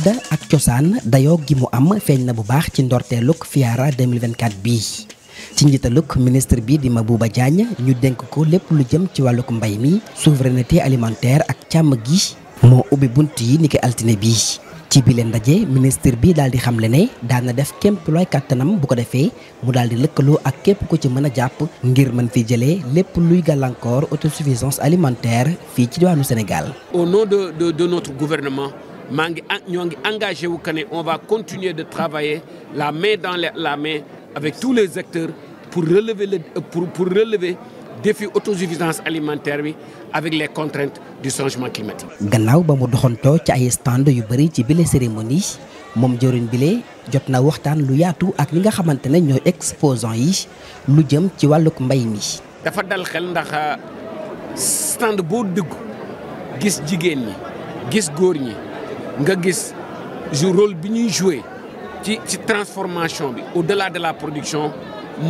aada ak cosaan dayoo gi mu am feeñ na bu baax ci ndorteeluk FIARA 2024 bii ci njiitaluk ministre bi di Mabouba Diagne ñu dénk ko lépp lu jëm ci wàlluk mbay mi souveraineté alimentaire ak càmm gi moo ubbi bunt yi niki altine bii ci bi ndaje ministre bi daal di xamle ne daan def képp looy kàttanam bu ko defee mu daal di lëkkaloo ak képp ku ci mën a jàpp ngir mën fi jëlee lépp luy gàllankoor autosuffisance alimentaire fii ci diwaanu Sénégal. maa ngi ñoo ngi engagé wu que ne on va continuer de travailler la main dans la main avec tous les secteurs pour relever le pour pour relever défi autosuffisance alimentaire bi avec les contraintes du changement climatique. gannaaw ba mu doxantoo ci ay stand yu bëri ci bile cérémonie moom jëriñ bile jot na waxtaan lu yaatu ak li nga xamante ne ñooy exposant yi lu jëm ci wàlluk mbay mi. dafa dal xel ndax euh, stand boo dugg gis jigéen ñi gis góor ñi. nga gis jour rôle bi ñuy jouer ci transformation bi au delà de la production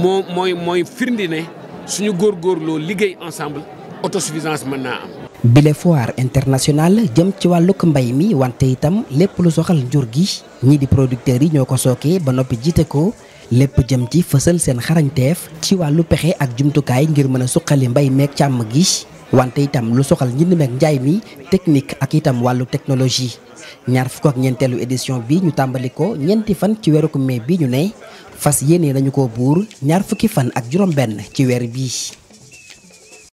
moo mooy mooy firndi ne suñu góorloo liggéey ensemble autosuffisance mën naa am. bile foire internationale jëm ci wàllug mbay mi wante itam lépp lu soxal njur gi ñii di producteurs yi ñoo ko sookee ba noppi jiite ko lépp jëm ci fësal seen xarañteef ci wàllu pexe ak jumtukaay ngir mën a suqali mbay meeg càmm gi wante itam lu soxal njënd meeg njaay mi technique ak itam wàllu technologie. ñaar fukk ak ñeenteelu édition bi ñu tàmbali ko ñeenti fan ci weeru mai bi ñu ne fas yéene nañu ko buur ñaar fukki fan ak juróom benn ci weer bii